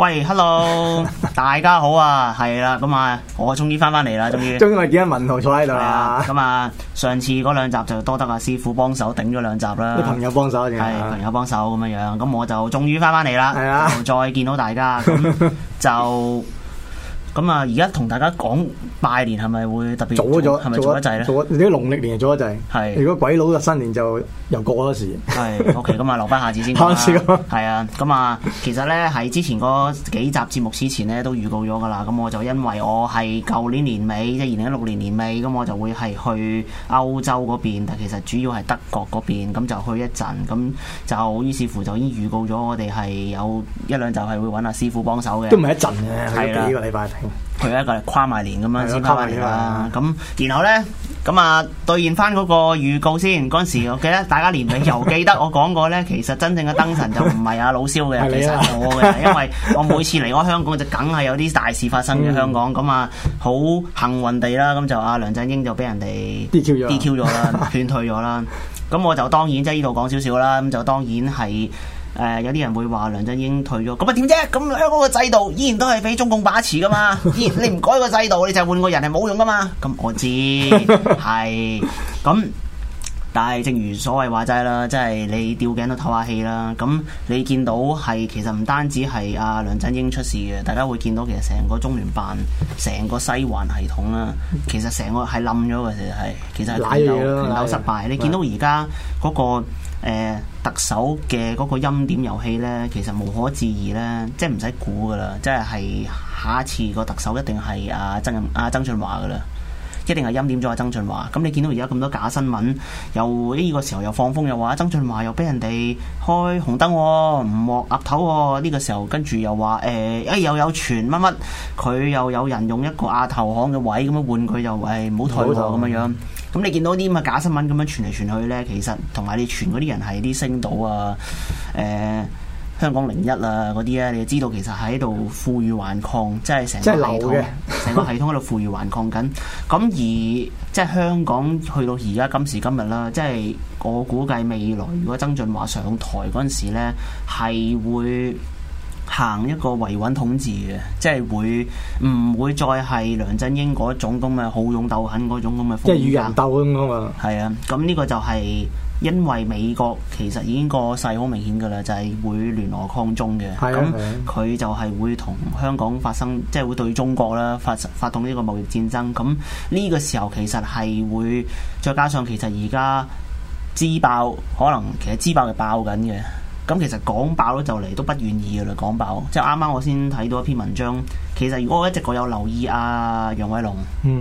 喂，Hello， 大家好啊，係啦，咁啊，我終於翻翻嚟啦，終於。終於我見阿文豪坐喺度啦。咁啊，上次嗰兩集就多得阿師傅幫手頂咗兩集啦。朋友幫手。係朋友幫手咁樣樣，咁我就終於翻翻嚟啦，係啊，再見到大家，咁就。 咁啊，而家同大家講拜年係咪會特別早咗，係咪早得滯咧？你啲農曆年早得滯，係。是 如果鬼佬嘅新年就又過咗時。係，OK，咁啊，留翻下次先啦。係啊，咁啊，其實咧喺之前嗰幾集節目之前咧都預告咗噶啦。咁我就因為我係舊年年尾，即係二零一六年年尾，咁我就會係去歐洲嗰邊，但其實主要係德國嗰邊，咁就去一陣，咁就於是乎就已經預告咗我哋係有一兩集係會揾阿師傅幫手嘅。都唔係一陣嘅，係幾個禮拜。記得佢一個嚟跨埋年咁樣，跨埋年啦。咁然後咧，咁啊兌現翻嗰個預告先。嗰陣時我記得大家年尾又記得我講過咧， 其實真正嘅燈神就唔係阿老蕭嘅， 其實係我嘅。因為我每次嚟我香港就梗係有啲大事發生喺香港。咁、嗯、啊，好幸運地啦，咁、嗯、就阿、啊、梁振英就俾人哋 D Q 咗，D Q 咗啦，勸退咗啦。咁我就當然即係呢度講少少啦。咁就當然係。誒、呃，有啲人會話梁振英退咗，咁啊點啫？咁香港個制度依然都係俾中共把持噶嘛？依然你唔改個制度，你就換個人係冇用噶嘛？咁、嗯、我知係咁、嗯，但係正如所謂話齋啦，即係你吊頸都透下氣啦。咁、嗯、你見到係其實唔單止係阿梁振英出事嘅，大家會見到其實成個中聯辦、成個西環系統啦，其實成個係冧咗嘅，其實係其實係打到失敗。你見到而家嗰個。誒、欸、特首嘅嗰個欽點遊戲咧，其實無可置疑呢，即係唔使估噶啦，即係下一次個特首一定係啊曾啊曾俊華噶啦，一定係欽點咗阿、啊、曾俊華。咁你見到而家咁多假新聞，又呢、這個時候又放風又話曾俊華又俾人哋開紅燈、哦，唔摸鴨頭、哦。呢、這個時候跟住又話誒，一、欸、又有傳乜乜，佢又有人用一個亞、啊、投行嘅位咁樣換佢，又誒唔好退堂咁樣樣。咁、嗯、你見到啲咁嘅假新聞咁樣傳嚟傳去呢，其實同埋你傳嗰啲人係啲星島啊、誒、呃、香港零一啊嗰啲呢，你就知道其實喺度富裕還擴，即係成個系統，成 個系統喺度富裕還擴緊。咁、嗯、而即係香港去到而家今時今日啦，即係我估計未來如果曾俊華上台嗰陣時呢，係會。行一個維穩統治嘅，即係會唔會再係梁振英嗰種咁嘅好勇鬥狠嗰種咁嘅風？即係與人鬥咁、那個、啊！係啊，咁呢個就係因為美國其實已經個勢好明顯噶啦，就係、是、會聯合抗中嘅。係佢、啊啊、就係會同香港發生，即、就、係、是、會對中國啦發發動呢個貿易戰爭。咁呢個時候其實係會再加上其實而家資爆，可能其實資爆係爆緊嘅。咁其實講爆咗就嚟都不願意嘅嘞，講爆。即係啱啱我先睇到一篇文章，其實如果我一直我有留意阿楊偉龍，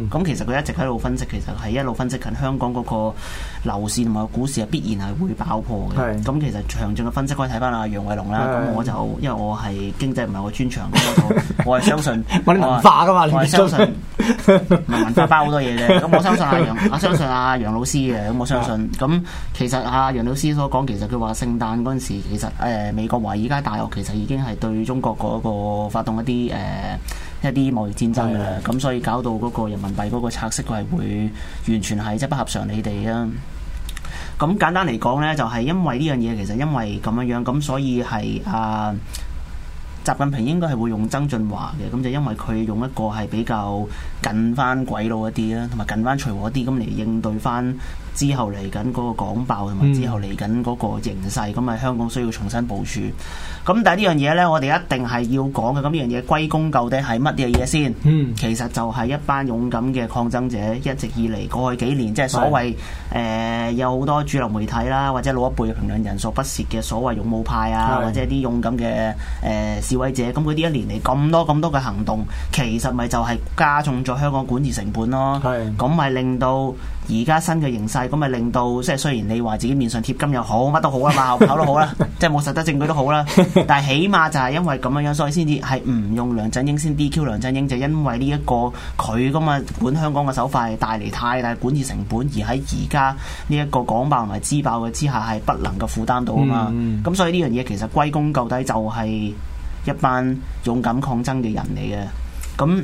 咁其實佢一直喺度分析，其實係一路分析緊香港嗰個樓市同埋股市，係必然係會爆破嘅。咁其實詳盡嘅分析可以睇翻阿楊偉龍啦。咁我就因為我係經濟唔係我專長，我係相信啲文化噶嘛，你唔相信文化包好多嘢啫。咁我相信阿楊，我相信阿楊老師嘅。咁我相信。咁其實阿楊老師所講，其實佢話聖誕嗰陣時。其實誒、呃，美國華爾街大學其實已經係對中國嗰個發動一啲誒、呃、一啲貿易戰爭嘅，咁的、嗯、所以搞到嗰個人民幣嗰個彩色佢係會完全係即係不合常理地啦。咁、嗯、簡單嚟講呢，就係、是、因為呢樣嘢，其實因為咁樣樣，咁、嗯、所以係啊，習近平應該係會用曾俊華嘅，咁、嗯、就因為佢用一個係比較近翻鬼佬一啲啦，同埋近翻隨和一啲，咁、嗯、嚟應對翻。之後嚟緊嗰個港爆，同埋之後嚟緊嗰個形勢，咁咪香港需要重新部署。咁但係呢樣嘢呢，我哋一定係要講嘅。咁呢樣嘢歸功究底係乜嘢嘢先？嗯、其實就係一班勇敢嘅抗爭者一直以嚟過去幾年，即係所謂誒是、呃、有好多主流媒體啦，或者老一輩嘅評論人所不屑嘅所謂勇武派啊，是 或者啲勇敢嘅誒、呃、示威者。咁佢啲一年嚟咁多咁多嘅行動，其實咪就係加重咗香港管治成本咯。係咁咪令到而家新嘅形勢。咁咪令到即係雖然你話自己面上貼金又好，乜都好啊嘛，口都好啦， 即係冇實質證據都好啦。但係起碼就係因為咁樣樣，所以先至係唔用梁振英先 DQ 梁振英，就是、因為呢、這、一個佢咁啊管香港嘅手法係帶嚟太大管治成本，而喺而家呢一個港暴同埋支爆嘅之下係不能夠負擔到啊嘛。咁、嗯嗯嗯嗯、所以呢樣嘢其實歸功到底就係一班勇敢抗爭嘅人嚟嘅。咁。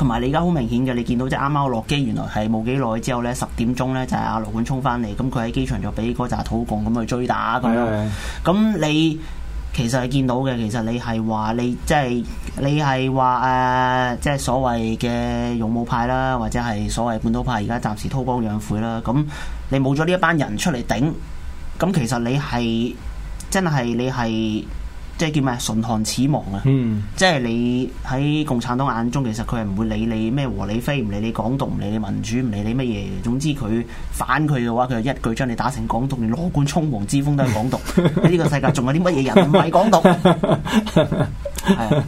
同埋你而家好明顯嘅，你見到即啱啱落機，原來係冇幾耐之後呢，十點鐘呢，就係阿羅冠聰翻嚟，咁佢喺機場就俾嗰扎土共咁去追打咁樣。咁的你其實係見到嘅，其實你係話你即係、就是、你係話誒，即、就、係、是、所謂嘅勇武派啦，或者係所謂本土派，而家暫時韜光養晦啦。咁你冇咗呢一班人出嚟頂，咁其實你係真係你係。即係叫咩啊？唇亡齒亡啊！即係你喺共產黨眼中，其實佢係唔會理你咩和理非，唔理你港獨，唔理你民主，唔理你乜嘢。總之佢反佢嘅話，佢就一句將你打成港獨，連羅冠聰黃之鋒都係港獨。呢 個世界仲有啲乜嘢人唔係港獨？係 啊！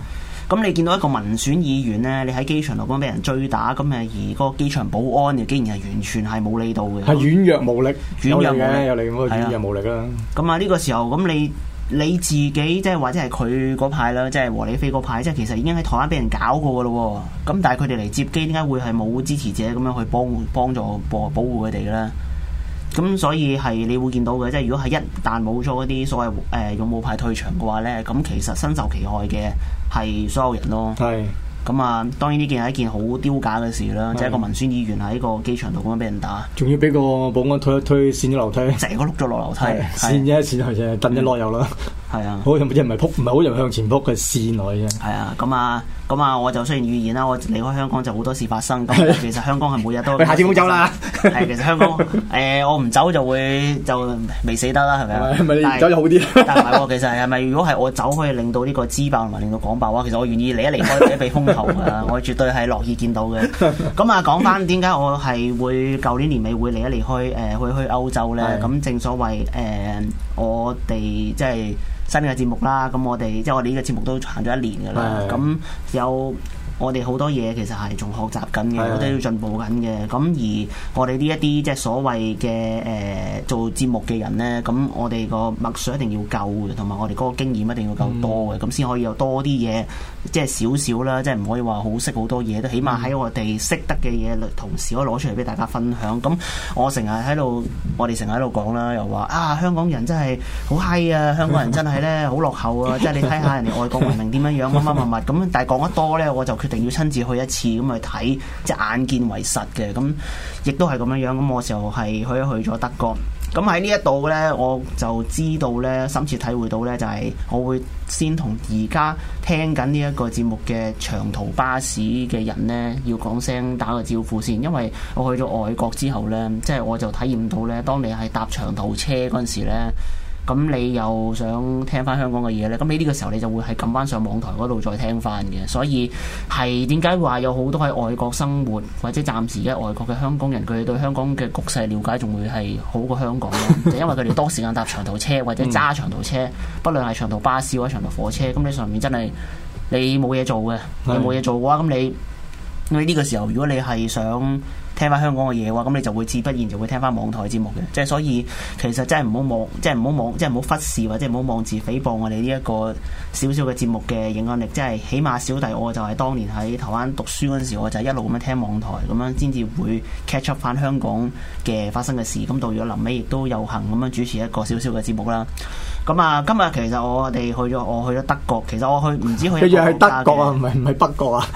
咁你見到一個民選議員呢，你喺機場度咁俾人追打，咁誒而個機場保安又竟然係完全係冇理到嘅，軟弱無力，軟弱嘅，有嚟嘅，無力啊！咁啊，呢個時候咁你。你自己即係或者係佢嗰派啦，即係和理非嗰派，即係其實已經喺台灣俾人搞過噶咯。咁但係佢哋嚟接機，點解會係冇支持者咁樣去幫幫助,幫助保保護佢哋嘅咧？咁所以係你會見到嘅，即係如果係一旦冇咗嗰啲所謂誒勇武派退場嘅話咧，咁其實身受其害嘅係所有人咯。係。咁啊，當然呢件係一件好丟架嘅事啦，就係、啊、個文宣議員喺個機場度咁樣俾人打，仲要俾個保安推一推，跣咗樓梯，成個碌咗落樓梯，跣一跣去就係，震一落油啦，係啊，好似唔係撲，唔係好人向前撲嘅跣落嘅啫，係啊，咁啊。咁啊、嗯，我就雖然預言啦，我離開香港就好多事發生。咁其實香港係每日都 下次唔走啦。 係其實香港，誒、呃、我唔走就會就未死得啦，係咪啊？但係走就好啲。 但係唔係喎，其實係咪如果係我走可以令到呢個支爆同埋令到港爆嘅話其實我願意離一離開，離一被空投啊！我絕對係樂意見到嘅。咁啊，講翻點解我係會舊年年尾會離一離開誒、呃、去去歐洲咧？咁的正所謂誒、呃，我哋即係。新嘅節目啦，咁我哋即係我哋呢個節目都行咗一年噶啦，咁是的 有。我哋好多嘢其實係仲學習緊嘅，我哋都要進步緊嘅。咁而我哋呢一啲即係所謂嘅誒、呃、做節目嘅人呢，咁我哋個墨水一定要夠嘅，同埋我哋嗰個經驗一定要夠多嘅，咁先、嗯、可以有多啲嘢，即係少少啦，即係唔可以話好識好多嘢，都起碼喺我哋識得嘅嘢，同時可以攞出嚟俾大家分享。咁我成日喺度，我哋成日喺度講啦，又話啊香港人真係好嗨啊，香港人真係、啊、呢好落後啊！即係 你睇下人哋外國文明點樣樣乜乜乜物咁，但係講得多呢，我就決定決定一定要親自去一次咁去睇，即眼見為實嘅咁，亦都係咁樣樣。咁我時候係去一去咗德國，咁喺呢一度呢，我就知道呢，深切體會到呢，就係、是、我會先同而家聽緊呢一個節目嘅長途巴士嘅人呢，要講聲打個招呼先，因為我去咗外國之後呢，即、就、係、是、我就體驗到呢，當你係搭長途車嗰陣時呢。咁你又想聽翻香港嘅嘢咧？咁你呢個時候你就會係撳翻上網台嗰度再聽翻嘅，所以係點解話有好多喺外國生活或者暫時嘅外國嘅香港人，佢對香港嘅局勢了解仲會係好過香港人？就 因為佢哋多時間搭長途車或者揸長途車，嗯、不論係長途巴士或者長途火車，咁你上面真係你冇嘢做嘅，你冇嘢做嘅話，咁你因為呢個時候如果你係想。聽翻香港嘅嘢嘅話，咁你就會自不然就會聽翻網台節目嘅，即係所以其實真係唔好忘，即係唔好忘，即係唔好忽視或者唔好妄自菲薄我哋呢一個少少嘅節目嘅影響力。即係起碼小弟我就係當年喺台灣讀書嗰陣時，我就一路咁樣聽網台咁樣，先至會 catch up 翻香港嘅發生嘅事。咁到咗臨尾亦都有幸咁樣主持一個少少嘅節目啦。咁啊、嗯，今日其實我哋去咗，我去咗德國。其實我去唔知去。佢仲係德國啊，唔係唔係北國啊？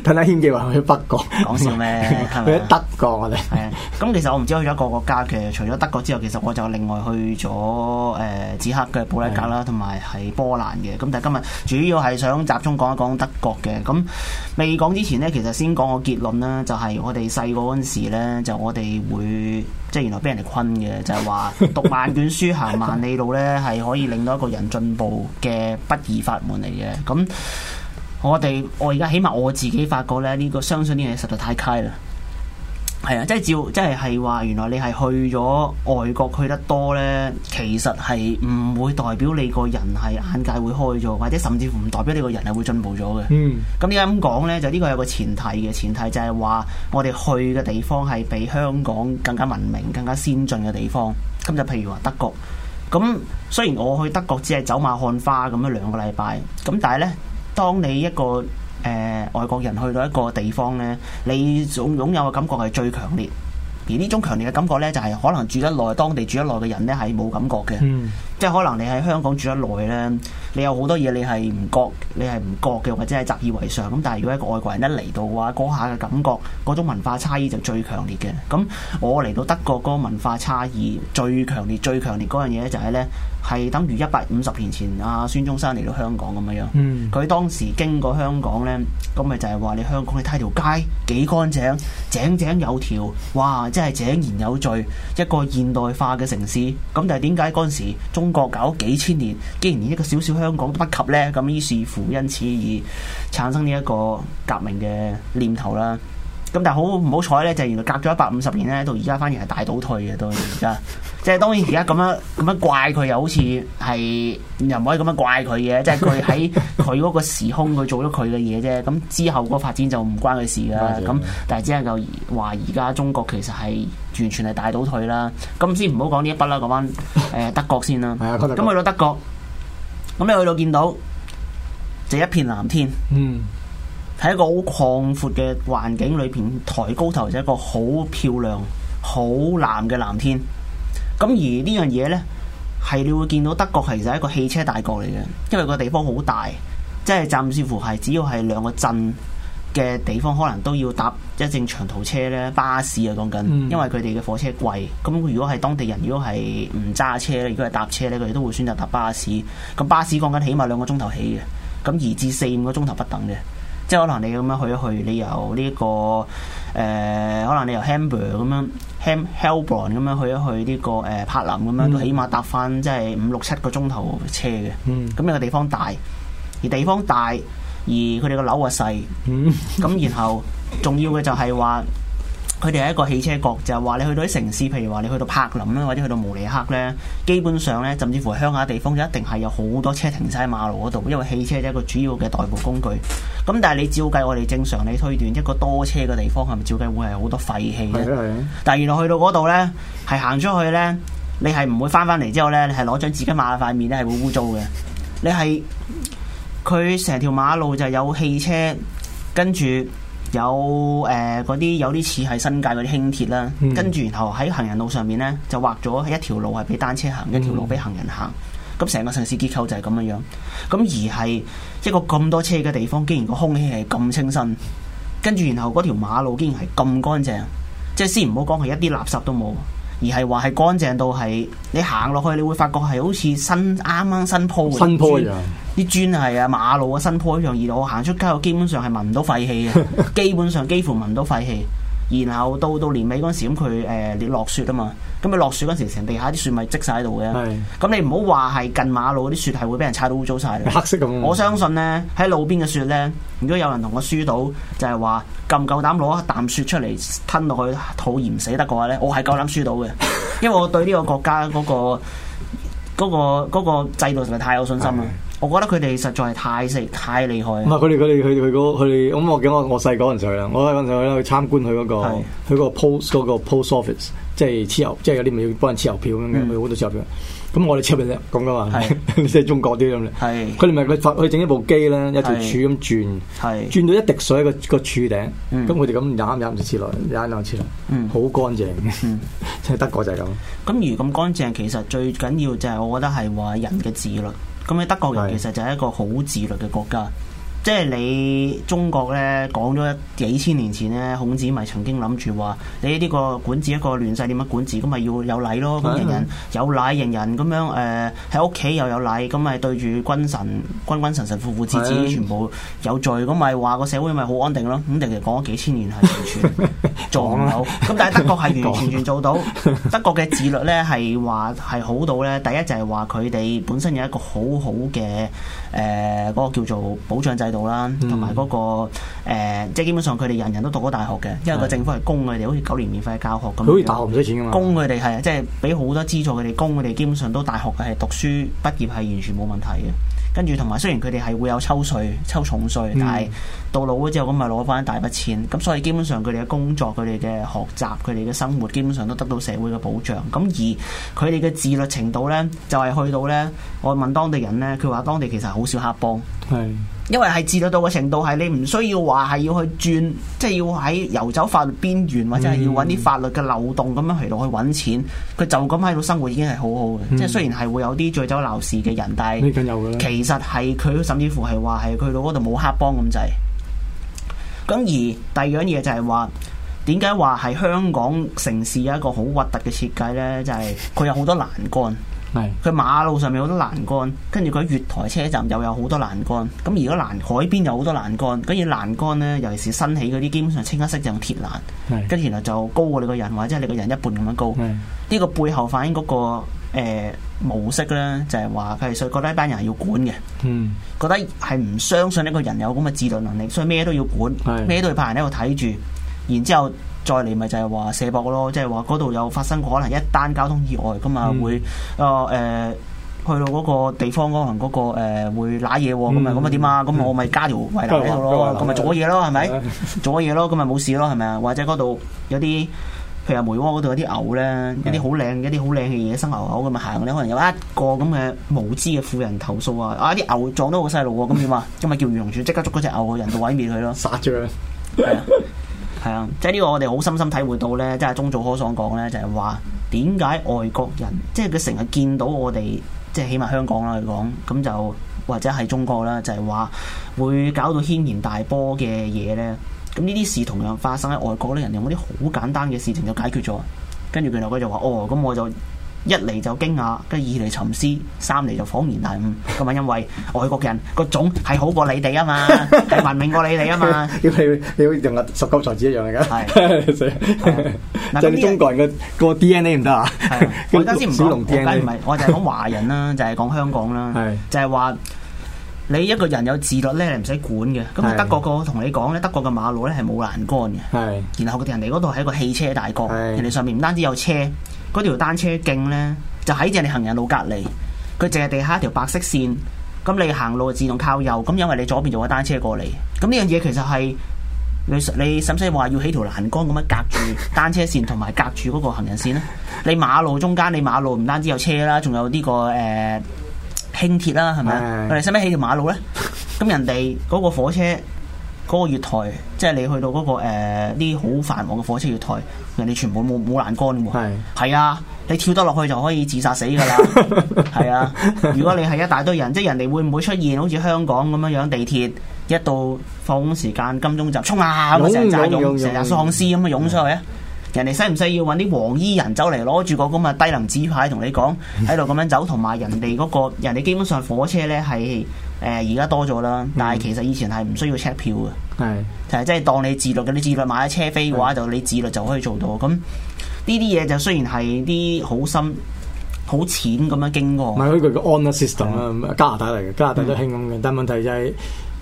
等下軒記話去北國，講笑咩？去咗德國我哋。係啊，咁、 嗯、其實我唔知去咗一個國家嘅，其實除咗德國之後，其實我就另外去咗誒，捷、呃、克嘅布拉格啦，同埋係波蘭嘅。咁但係今日主要係想集中講一講德國嘅。咁未講之前呢，其實先講個結論啦，就係、是、我哋細個嗰陣時咧，就我哋會。即係原來俾人哋困嘅，就係、是、話讀萬卷書行萬里路呢，係可以令到一個人進步嘅不二法門嚟嘅。咁我哋我而家起碼我自己發覺呢，呢、這個相信啲嘢實在太 critical 係啊，即係照，即係係話，原來你係去咗外國去得多呢，其實係唔會代表你個人係眼界會開咗，或者甚至乎唔代表你個人係會進步咗嘅。嗯，咁點解咁講呢？就呢個有個前提嘅，前提就係話我哋去嘅地方係比香港更加文明、更加先進嘅地方。咁就譬如話德國，咁雖然我去德國只係走馬看花咁樣兩個禮拜，咁但係呢，當你一個。誒、呃、外國人去到一個地方呢，你擁擁有嘅感覺係最強烈，而呢種強烈嘅感覺呢，就係、是、可能住得耐當地住得耐嘅人呢，係冇感覺嘅。嗯即係可能你喺香港住得耐咧，你有好多嘢，你係唔覺，你係唔覺嘅，或者係習以為常。咁但係如果一個外國人一嚟到嘅話，嗰下嘅感覺，嗰種文化差異就最強烈嘅。咁我嚟到德國嗰個文化差異最強烈、最強烈嗰樣嘢咧，就係咧係等於一百五十年前啊孫中山嚟到香港咁樣樣，佢、嗯、當時經過香港咧，咁咪就係話你香港你睇條街幾乾淨，井井有條哇！即係井然有序，一個現代化嘅城市。咁但係點解嗰陣時中國搞幾千年，竟然連一個小小香港都不及呢？咁於是乎因此而產生呢一個革命嘅念頭啦。咁但係好唔好彩呢？就係原來隔咗一百五十年呢，到而家反而係大倒退嘅，到而家。 即係當然而家咁樣咁樣怪佢，好又好似係又唔可以咁樣怪佢嘅。即係佢喺佢嗰個時空，佢做咗佢嘅嘢啫。咁之後嗰個發展就唔關佢事啦。咁、 嗯、但係只能夠話而家中國其實係完全係大倒退啦。咁先唔好講呢一筆啦，講翻誒德國先啦。係咁 去到德國，咁你去到見到就一片藍天。嗯，喺一個好廣闊嘅環境裏邊，抬高頭就一個好漂亮、好藍嘅藍天。咁而呢樣嘢呢，係你會見到德國其實係一個汽車大國嚟嘅，因為個地方好大，即係暫時乎係只要係兩個鎮嘅地方，可能都要搭一正長途車呢，巴士啊講緊，因為佢哋嘅火車貴。咁如果係當地人，如果係唔揸車咧，如果係搭車呢，佢哋都會選擇搭巴士。咁巴士講緊起碼兩個鐘頭起嘅，咁二至四五個鐘頭不等嘅，即係可能你咁樣去一去，你由呢、這個誒、呃，可能你由 Hamburg 咁樣。Helm Helbron 咁樣去一去呢個誒，柏林咁樣都、嗯、起碼搭翻即係五六七個鐘頭車嘅，咁、嗯、個地方大，而地方大而佢哋個樓啊細，咁、嗯、然後重要嘅就係話。佢哋係一個汽車局，就係話你去到啲城市，譬如話你去到柏林咧，或者去到慕尼黑呢，基本上呢，甚至乎鄉下地方，就一定係有好多車停晒喺馬路嗰度，因為汽車一個主要嘅代步工具。咁但係你照計，我哋正常你推斷一個多車嘅地方，係咪照計會係好多廢氣？係啊！但係原來去到嗰度呢，係行出去呢，你係唔會翻返嚟之後呢，你係攞張紙巾抹下塊面咧，係會污糟嘅。你係佢成條馬路就有汽車，跟住。有誒嗰啲有啲似係新界嗰啲輕鐵啦，跟住、嗯、然後喺行人路上面呢，就畫咗一條路係俾單車行，嗯、一條路俾行人行，咁成個城市結構就係咁樣樣。咁而係一個咁多車嘅地方，竟然個空氣係咁清新，跟住然後嗰條馬路竟然係咁乾淨，即係先唔好講佢一啲垃圾都冇。而係話係乾淨到係，你行落去你會發覺係好似新啱啱新鋪嘅，新鋪啊！啲磚係啊，馬路啊新鋪一樣，而我行出街我基本上係聞唔到廢氣嘅， 基本上幾乎聞唔到廢氣。然後到到年尾嗰陣時，咁佢誒落雪啊嘛，咁佢落雪嗰陣時，成地下啲雪咪積晒喺度嘅。咁是 你唔好話係近馬路嗰啲雪係會俾人踩到污糟晒，黑色咁。我相信呢，喺路邊嘅雪呢，如果有人同我輸到就係話夠唔夠膽攞一啖雪出嚟吞落去肚而唔死得嘅話咧，我係夠膽輸到嘅，因為我對呢個國家嗰個、嗰個、嗰個制度實在太有信心啦。 我覺得佢哋實在係太犀利，太厲害。唔係佢哋佢哋佢哋，佢哋。咁我記我我細嗰陣時啦，我喺嗰陣時咧去參觀佢嗰、那個佢是個 post 嗰個 post office，即係黐油，即係有啲咪要幫人黐郵票咁嘅，咪好、嗯、多黐郵票。咁我哋黐咩啫？咁噶嘛，即係中國啲咁嘅。佢哋咪佢發佢整一部機咧，一條柱咁轉，轉到一滴水個個柱頂，咁佢哋咁舔舔就黐落，舔兩黐落，好乾淨。即係德國就係咁。咁如咁乾淨，其實最緊要就係，我覺得係話人嘅自律。咁喺德國人其實就係一個好自律嘅國家。即係你中國咧，講咗幾千年前咧，孔子咪曾經諗住話你呢個管治一個亂世點樣管治？咁咪要有禮咯。咁人人有禮，人人咁樣誒喺屋企又有禮，咁咪對住君臣，君君臣臣，父父子子全部有罪，咁咪話個社會咪好安定咯。咁定係講咗幾千年係完全做唔到。咁 但係德國係完全全做到， 德國嘅自律咧係話係好到咧。第一就係話佢哋本身有一個好好嘅誒、嗰個叫做保障制度。度啦，同埋嗰個誒、呃，即係基本上佢哋人人都讀到大學嘅，因為個政府係供佢哋，是好似九年免費教學咁，好似大學唔使錢噶嘛，供佢哋係即係俾好多資助佢哋，供佢哋基本上都大學嘅係讀書畢業係完全冇問題嘅。跟住同埋，雖然佢哋係會有抽稅、抽重稅，嗯、但係到老咗之後，咁咪攞翻一大筆錢。咁所以基本上佢哋嘅工作、佢哋嘅學習、佢哋嘅生活，基本上都得到社會嘅保障。咁而佢哋嘅自律程度咧，就係、是、去到咧，我問當地人咧，佢話當地其實好少黑幫係。因為係治到到嘅程度係你唔需要話係要去轉，即、就、係、是、要喺遊走法律邊緣或者係要揾啲法律嘅漏洞咁樣去到去揾錢，佢就咁喺度生活已經係好好嘅。嗯、即係雖然係會有啲醉酒鬧事嘅人，但係其實係佢甚至乎係話係佢到嗰度冇黑幫咁滯。咁而第二樣嘢就係話，點解話係香港城市有一個好核突嘅設計呢？就係、是、佢有好多欄杆。係佢馬路上面好多欄杆，跟住佢月台車站又有好多欄杆，咁如果欄海邊有好多欄杆。跟住欄杆咧，尤其是新起嗰啲，基本上清一色就用鐵欄，跟住原來就高過你個人，或者你個人一半咁樣高。呢是的 個背後反映嗰、那個、呃、模式咧，就係話佢哋所以覺得一班人要管嘅，嗯，覺得係唔相信呢個人有咁嘅自律能力，所以咩都要管，咩是的 都要派人喺度睇住，然之後。再嚟咪就係話卸膊咯，即係話嗰度有發生可能一單交通意外咁啊，會啊誒去到嗰個地方可能嗰個誒會瀨嘢咁啊，咁啊點啊？咁我咪加條圍欄喺度咯，咁咪做嘢咯，係咪？做嘢咯，咁咪冇事咯，係咪啊？或者嗰度有啲，譬如梅窩嗰度有啲牛咧，一啲好靚一啲好靚嘅野生牛牛咁啊行咧，可能有一個咁嘅無知嘅富人投訴啊，啊啲牛撞得好細路喎，咁點啊？咁咪叫漁農處即刻捉嗰隻牛，人道毀滅佢咯，殺咗佢。係啊，即係呢個我哋好深深體會到呢，即係鐘祖科所講呢，就係話點解外國人即係佢成日見到我哋，即係起碼香港啦嚟講，咁、uh, 就或者係中國啦，就係話會搞到軒然大波嘅嘢呢。咁呢啲事同樣發生喺外國呢，人哋用啲好簡單嘅事情就解決咗，跟住原來佢就話哦，咁我就。一嚟就驚訝，跟二嚟沉思，三嚟就恍然大悟。咁啊，因為外國人個種係好過你哋啊嘛，係文明過你哋啊嘛。因為你好同十九才子一樣嚟噶，就係中國人個個 DNA 唔得啊。我而家先唔講小農 DNA，我就係講華人啦，就係講香港啦，就係話你一個人有自律咧，你唔使管嘅。咁啊，德國個同你講咧，德國嘅馬路咧係冇欄杆嘅，然後佢哋人哋嗰度係一個汽車大國，人哋上面唔單止有車。嗰條單車徑呢，就喺正你行人路隔離，佢淨係地下一條白色線。咁你行路自動靠右，咁因為你左邊就有單車過嚟。咁呢樣嘢其實係你，你使唔使話要起條欄杆咁樣隔住單車線同埋隔住嗰個行人線呢？你馬路中間，你馬路唔單止有車啦，仲有呢、呢個誒、呃、輕鐵啦，係咪？ 你使唔使起條馬路呢？咁人哋嗰個火車。嗰月台，即係你去到嗰個啲好繁忙嘅火車月台，人哋全部冇冇欄杆㗎喎。係啊，你跳得落去就可以自殺死㗎啦。係啊，如果你係一大堆人，即係人哋會唔會出現好似香港咁樣樣，地鐵一到放工時間，金鐘站衝啊，成紮擁成日喪屍咁樣湧出去，啊？人哋使唔使要揾啲黃衣人走嚟攞住個咁嘅低能紙牌同你講喺度咁樣走，同埋人哋嗰個人哋基本上火車呢係。誒而家多咗啦，但係其實以前係唔需要 check 票嘅，係就係即係當你自律嘅，你自律買咗車飛嘅話，就你自律就可以做到。咁呢啲嘢就雖然係啲好深、好淺咁樣經過，唔係佢個 honour system 啦，加拿大嚟嘅，加拿大都興咁嘅。但係問題就係，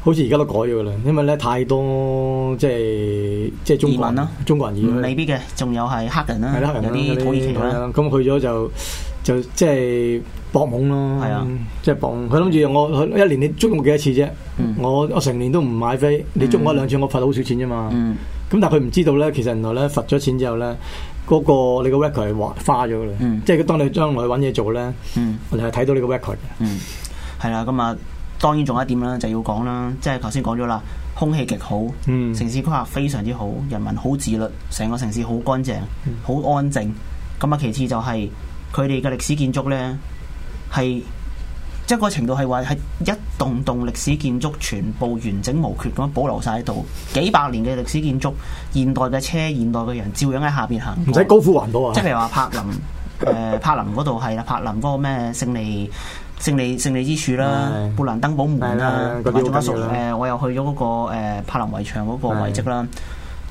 好似而家都改咗啦，因為咧太多即係即係移民啦，中國人移民，未必嘅，仲有係黑人啦，係啦，黑人有啲土耳其啦，咁去咗就就即係。搏懵咯，係啊，即係搏懵。佢諗住我，佢一年你捉我幾多次啫，啊嗯？我我成年都唔買飛，你捉我一兩次，嗯，我罰到好少錢啫嘛。咁，嗯，但係佢唔知道咧，其實原來咧罰咗錢之後咧，嗰，那個你個 record 係花咗嘅，嗯，即係當你將來揾嘢做咧，我哋係睇到你個 record，嗯。係，嗯，啦，咁啊，當然仲有一點啦，就要講啦，即係頭先講咗啦，空氣極好，嗯，城市規劃非常之好，人民好自律，成個城市好乾淨，好安靜。咁啊，其次就係佢哋嘅歷史建築咧。係即係個程度係話，係一棟棟歷史建築全部完整無缺咁樣保留晒喺度，幾百年嘅歷史建築，現代嘅車，現代嘅人，照樣喺下邊行。唔使高富雲都啊！即係譬如話，柏林誒，柏林嗰度係啦，柏林嗰個咩勝利勝利勝利之柱啦，布蘭登堡門啦，同埋仲有誒，我又去咗嗰個誒柏林圍牆嗰個遺跡啦。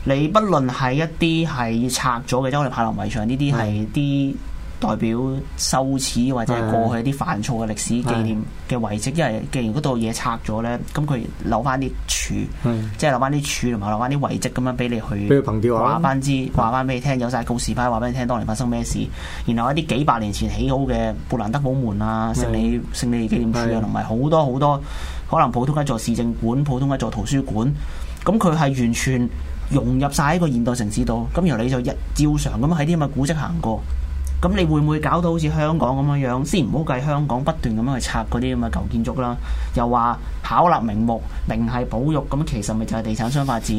你不論係一啲係拆咗嘅，即係我哋柏林圍牆呢啲係啲。代表羞恥或者係過去啲犯錯嘅歷史紀念嘅遺跡，的因為既然嗰度嘢拆咗咧，咁佢留翻啲柱，的即係留翻啲柱同埋留翻啲遺跡咁樣，俾你去話翻知話翻俾你聽，的有晒告示牌話俾你聽，當年發生咩事。然後一啲幾百年前起好嘅布蘭德堡門啊的、勝利勝利紀念柱啊，同埋好多好多，多可能普通一座市政館、普通一座圖書館，咁佢係完全融入晒喺個現代城市度。咁然後你就一照常咁喺啲咁嘅古跡行過。咁你會唔會搞到好似香港咁樣樣？先唔好計香港不斷咁樣去拆嗰啲咁嘅舊建築啦，又話巧立名目，名係保育，咁其實咪就係地產商發展，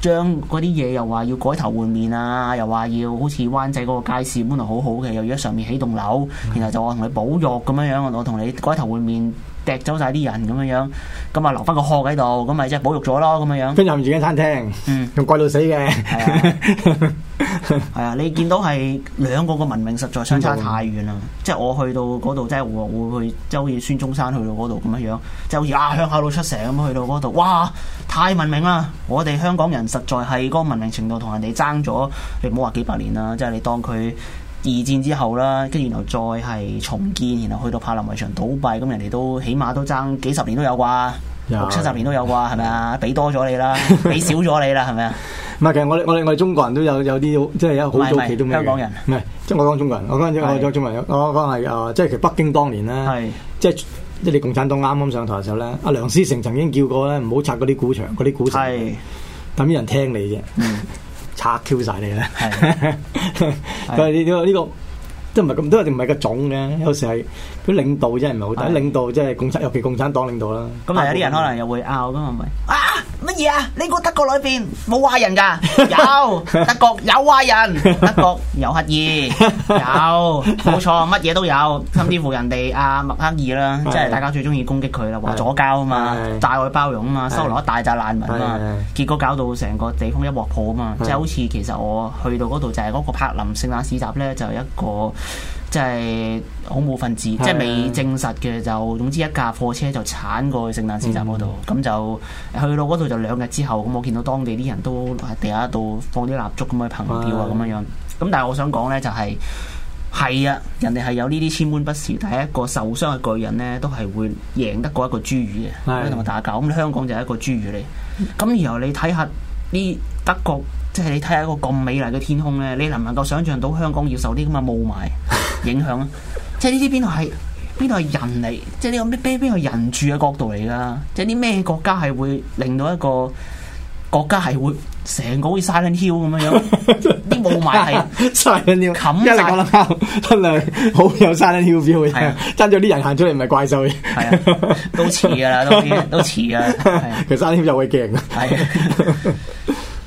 將嗰啲嘢又話要改頭換面啊，又話要好似灣仔嗰個街市本來好好嘅，又要喺上面起棟樓，然後就我同你保育咁樣樣，我同你改頭換面。踢走晒啲人咁樣樣，咁啊留翻個殼喺度，咁咪即係保育咗咯咁樣樣。偏袒住間餐廳，嗯，仲貴到死嘅，係 啊，啊！你見到係兩個個文明實在相差太遠啦，嗯、即係我去到嗰度，即係會會去，即係好似孫中山去到嗰度咁樣樣，即係好似啊鄉下佬出城咁去到嗰度，哇！太文明啦，我哋香港人實在係個文明程度同人哋爭咗，你唔好話幾百年啦，即係你當佢。二戰之後啦，跟住然後再係重建，然後去到柏林圍牆倒閉，咁人哋都起碼都爭幾十年都有啩， 六七十年都有啩，係咪啊？俾多咗你啦，俾 少咗你啦，係咪啊？唔係，其實我我我係中國人都有有啲即係有好多香港人？唔係唔係，即係我講中國人，我講咗是我講咗中國人，我講係啊，即係其實北京當年咧，即係即係你共產黨啱啱上台嘅時候咧，阿梁思成曾經叫過咧，唔好拆嗰啲古牆，嗰啲古牆，但係啲人聽你啫。 拆 Q 晒你啦，係 ，但係呢、呢個，呢個都唔係咁多，定唔係個種嘅，有時係。啲領導真係唔係好得，領導即係共產，尤其共產黨領導啦。咁啊，有啲人可能又會拗咁，係咪？啊，乜嘢啊？你估德國裏邊冇壞人㗎？有德國有壞人，德國有乞衣，有冇錯？乜嘢都有，甚至乎人哋阿默克爾啦，即係大家最鍾意攻擊佢啦，話左膠啊嘛，大愛包容啊嘛，收留一大紮難民啊嘛，結果搞到成個地方一鑊泡啊嘛，即係好似其實我去到嗰度就係嗰個柏林聖誕市集咧，就係一個。即係恐怖分子，的即係未證實嘅就總之一架貨車就鏟過去聖誕市集嗰度，咁、嗯、就去到嗰度就兩日之後，咁我見到當地啲人都喺地下度放啲蠟燭咁去憑吊啊咁樣樣。咁但係我想講呢，就係係啊，人哋係有呢啲千般不是，但係一個受傷嘅巨人呢，都係會贏得過一個侏儒嘅，的可以同佢打交。咁、嗯、香港就係一個侏儒嚟。咁然後你睇下呢德國，即、就、係、是、你睇下一個咁美麗嘅天空呢，你能唔能夠想象到香港要受啲咁嘅霧霾？ 影響啊！即係呢啲邊度係邊度係人嚟？即係呢個咩？邊邊個人住嘅角度嚟噶？即係啲咩國家係會令到一個國家係會成個好似沙恩丘咁樣樣？啲霧霾係沙恩丘冚晒，得啦，好有沙恩丘 feel 嘅。爭咗啲人行出嚟，唔係怪獸。係啊，都似噶啦，都都似噶。其實沙恩丘又會驚嘅。係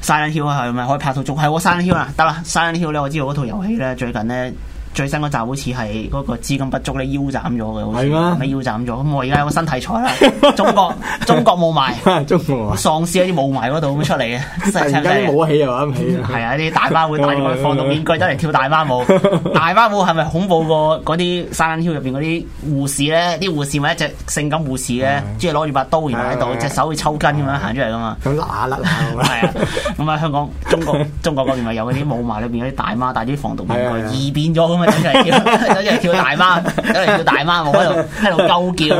沙恩丘啊，係咪可以拍到足？係沙恩丘啦，得啦，沙恩丘咧，我知道嗰套遊戲咧，最近咧。最新嗰集好似係嗰個資金不足咧腰斬咗嘅，好似咩腰斬咗咁。我而家有個新題材啦，中國 中國霧霾，喪屍喺啲霧霾嗰度咁出嚟嘅，而家武器又啱用。係、嗯、啊，啲大媽會戴住個防毒面具得嚟跳大媽舞，大媽舞係咪恐怖過嗰啲山丘入邊嗰啲護士咧？啲護士咪一隻性感護士咧，即係攞住把刀然後喺度， 隻手會抽筋咁樣行出嚟噶嘛？咁甩下甩下，係啊！咁喺香港中國中國嗰邊咪有嗰啲霧霾裏邊嗰啲大媽戴啲防毒面具，異變咗。有啲人叫大媽，有啲人叫大媽，我喺度喺度鳩叫，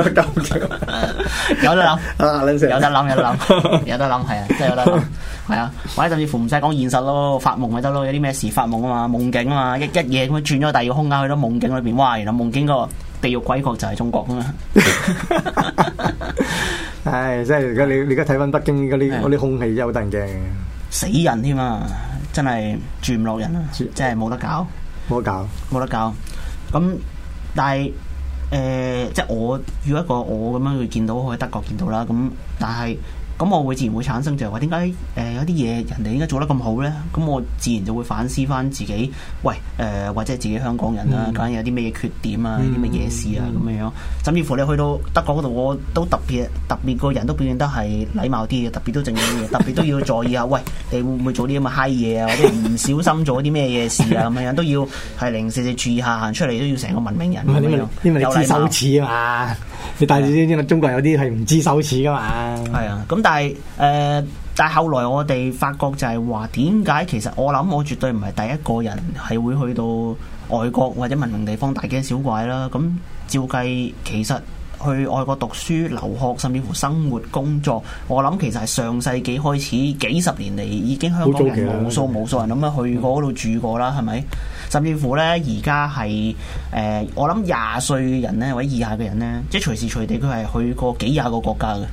有得諗，有得諗，有得諗，有得諗，係啊，真係有得諗，係啊，或者甚至乎唔使講現實咯，發夢咪得咯，有啲咩事發夢啊嘛，夢境啊嘛，一一夜咁樣轉咗第二個空間去到夢境裏邊，哇，原來夢境個地獄鬼國就係中國啊嘛，係，真係而家你你而家睇翻北京而家啲我啲空氣真好得人驚，死人添啊，真係住唔落人啊，真係冇得搞。冇得搞，冇得搞。咁但係，誒、呃，即係我如果一個我咁樣去見到，去德國見到啦。咁但係。咁我會自然會產生就係話，點解誒有啲嘢人哋應該做得咁好咧？咁我自然就會反思翻自己，喂誒，或者自己香港人啦，究竟有啲咩嘢缺點啊，啲咩嘢事啊，咁樣樣。甚至乎你去到德國嗰度，我都特別特別個人都表現得係禮貌啲嘅，特別都重要，特別都要在意下，喂，你會唔會做啲咁嘅嗨嘢啊？或者唔小心做啲咩嘢事啊？咁樣樣都要係零舍舍注意下，行出嚟都要成個文明人。因為因為你知羞恥啊嘛。你大智知眼，中國有啲係唔知羞恥噶嘛？係 啊樂，咁但係誒，但係後來我哋發覺就係話點解其實我諗我絕對唔係第一個人係會去到外國或者文明地方大驚小怪啦。咁照計其實。去外國讀書、留學，甚至乎生活、工作，我諗其實係上世紀開始幾十年嚟，已經香港人無數無數人咁樣去過嗰度住過啦，係咪？嗯？甚至乎呢，而家係誒，我諗廿歲人呢，或者以下嘅人呢，即係隨時隨地佢係去過幾廿個國家嘅。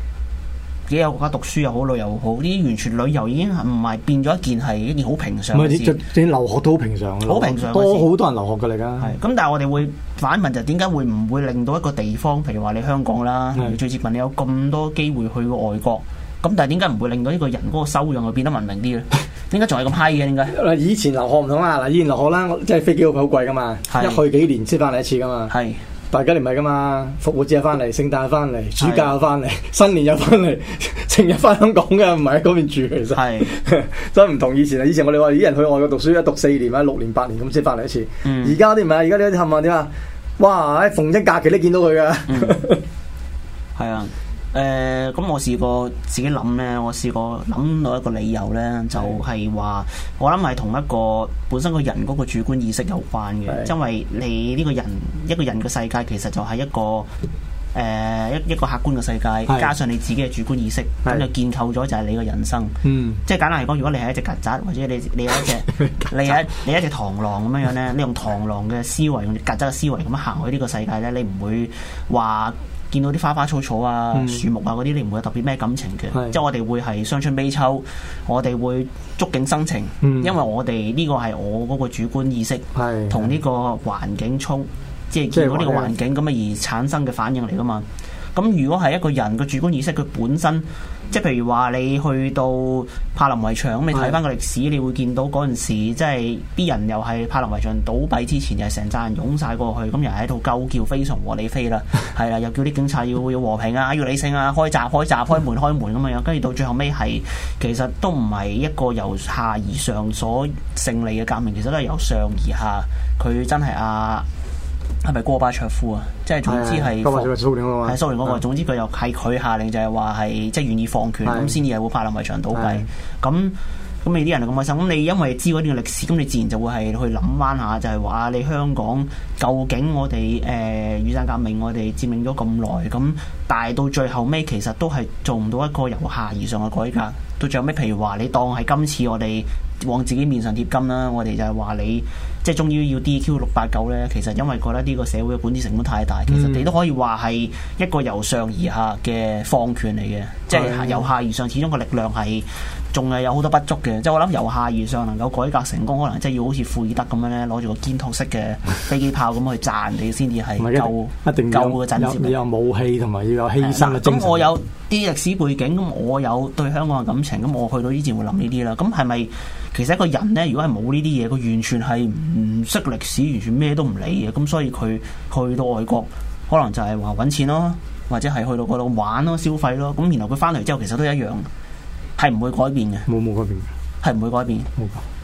自己有國家讀書又好，旅遊又好，啲完全旅遊已經唔係變咗一件係一件好平，平常。唔係即係留學都好平常。好平常，多好多人留學㗎嚟噶。係咁是，但係我哋會反問就係點解會唔會令到一個地方，譬如話你香港啦，是最接近你有咁多機會去過外國，咁但係點解唔會令到呢個人嗰個修養會變得文明啲咧？點解仲係咁閪嘅？點解？嗱，以前留學唔同啊，嗱，以前留學啦，即係飛機好貴㗎嘛，是一去幾年先翻嚟一次㗎嘛。大家唔係噶嘛，復活節又翻嚟，聖誕翻嚟，暑假的又翻嚟，新年又翻嚟，成日翻香港嘅，啊，唔係喺嗰邊住其實係，的 真唔同以前啊！以前我哋話啲人去外國讀書啊，一讀四年啊，六年八年咁先翻嚟一次，而家啲唔係，而家啲啲冚話點啊？哇！喺逢一假期都見到佢嘅，係啊、嗯。 誒咁，呃、我試過自己諗呢，我試過諗到一個理由呢，就係、是、話是的 我諗係同一個本身個人嗰個主觀意識有關嘅，是的 因為你呢個人一個人嘅世界其實就係一個誒一、呃、一個客觀嘅世界，是的 加上你自己嘅主觀意識咁是的 就建構咗就係你嘅人生。即係是的、嗯、簡單嚟講，如果你係一隻曱甴，或者你你有一隻 蟑螂 你，你有一你一隻螳螂咁樣樣呢，你用螳螂嘅思維，用曱甴嘅思維咁行去呢個世界呢，你唔會話，見到啲花花草草啊、嗯、樹木啊嗰啲，你唔會有特別咩感情嘅，是即係我哋會係傷春悲秋，我哋會觸景生情，嗯、因為我哋呢個係我嗰個主觀意識同呢是個環境衝，是即係見到呢個環境咁啊而產生嘅反應嚟㗎嘛。咁如果係一個人嘅主觀意識，佢本身即係譬如話你去到柏林圍牆咁，你睇翻個歷史，你會見到嗰陣時，即係啲人又係柏林圍牆倒閉之前，又係成扎人湧晒過去，咁又喺度鳩叫非常和理非啦，係啦， 又叫啲警察要要和平啊，要理性啊，開閘開閘開閘開門開門咁樣，跟住到最後尾係其實都唔係一個由下而上所勝利嘅革命，其實都係由上而下，佢真係啊！係咪戈巴卓夫啊？即係總之係 Yeah, 放，係蘇聯嗰個。Yeah. 總之佢又係佢下令就係話係，就係話係即係願意放權，咁先至係會柏林圍牆倒計。咁咁你啲人咁開心？咁你因為知嗰段歷史，咁你自然就會係去諗翻下，就係話你香港究竟我哋誒、呃、雨傘革命我佔，我哋佔領咗咁耐，咁但係到最後尾，其實都係做唔到一個由下而上嘅改革。Mm hmm. 到最後咩？譬如話，你當係今次我哋往自己面上貼金啦，我哋就係話你，即係終於要 DQ 六八九咧。其實因為覺得呢個社會嘅管理成本太大，嗯、其實你都可以話係一個由上而下嘅放權嚟嘅，即係由下而上。始終個力量係仲係有好多不足嘅。即係我諗由下而上能夠改革成功，可能即係要好似庫爾德咁樣咧，攞住個肩托式嘅飛機炮咁去炸人哋先至係夠 一定一定夠個準。有武器同埋要有犧牲嘅精神、嗯、我有。 啲歷史背景咁，我有對香港嘅感情，咁我去到之前會諗呢啲啦。咁係咪其實一個人呢，如果係冇呢啲嘢，佢完全係唔識歷史，完全咩都唔理嘅。咁所以佢去到外國，可能就係話揾錢咯，或者係去到嗰度玩咯、消費咯。咁然後佢翻嚟之後，其實都一樣，係唔會改變嘅。冇冇改變嘅。係唔會改變。冇。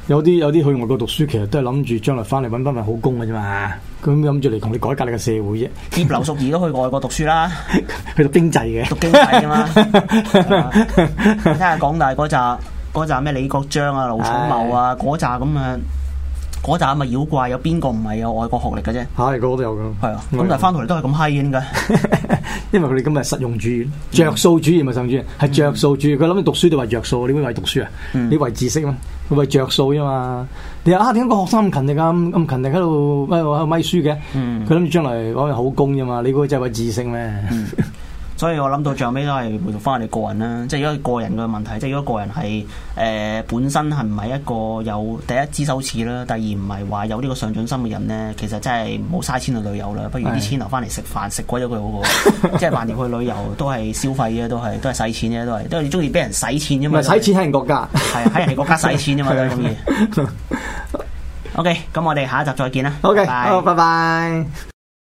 有啲有啲去外國讀書，其實都係諗住將來翻嚟揾翻份好工嘅啫嘛。佢諗住嚟同你改革你嘅社會啫。葉劉淑儀都去外國讀書啦， 去讀經濟嘅，讀經濟噶嘛。你聽下港大嗰扎，嗰扎咩李國章啊、盧寵茂啊，嗰扎咁啊。嗰集咪妖怪有邊個唔係有外國學歷嘅啫？嚇，個個都有噶。係啊，咁但係翻到嚟都係咁嗨嘅，點解？因為佢哋今日實用主義，着數主義咪實用主義係著數主義。佢諗住讀書就話着數，你會為讀書啊？你為知識咩？為着數啫嘛。你啊點解個學生咁勤力㗎？咁勤力喺度喺度咪書嘅？佢諗住將來攞份好工啫嘛。你估真係為知識咩？所以我諗到最後尾都係回覆翻我哋個人啦，即係如果個人嘅問題，即係如果個人係誒、呃、本身係唔係一個有第一支手次啦，第二唔係話有呢個上進心嘅人咧，其實真係冇嘥錢去旅遊啦，不如啲錢留翻嚟食飯，食鬼咗佢好好，那個、 即係橫掂去旅遊都係消費嘅，都係都係使錢嘅，都係都係中意俾人使錢啫嘛。使錢喺人家 人家國家，係喺人哋國家使錢啫嘛，都係中意。O K，咁我哋下一集再見啦。O Okay , K，Bye bye. 拜拜。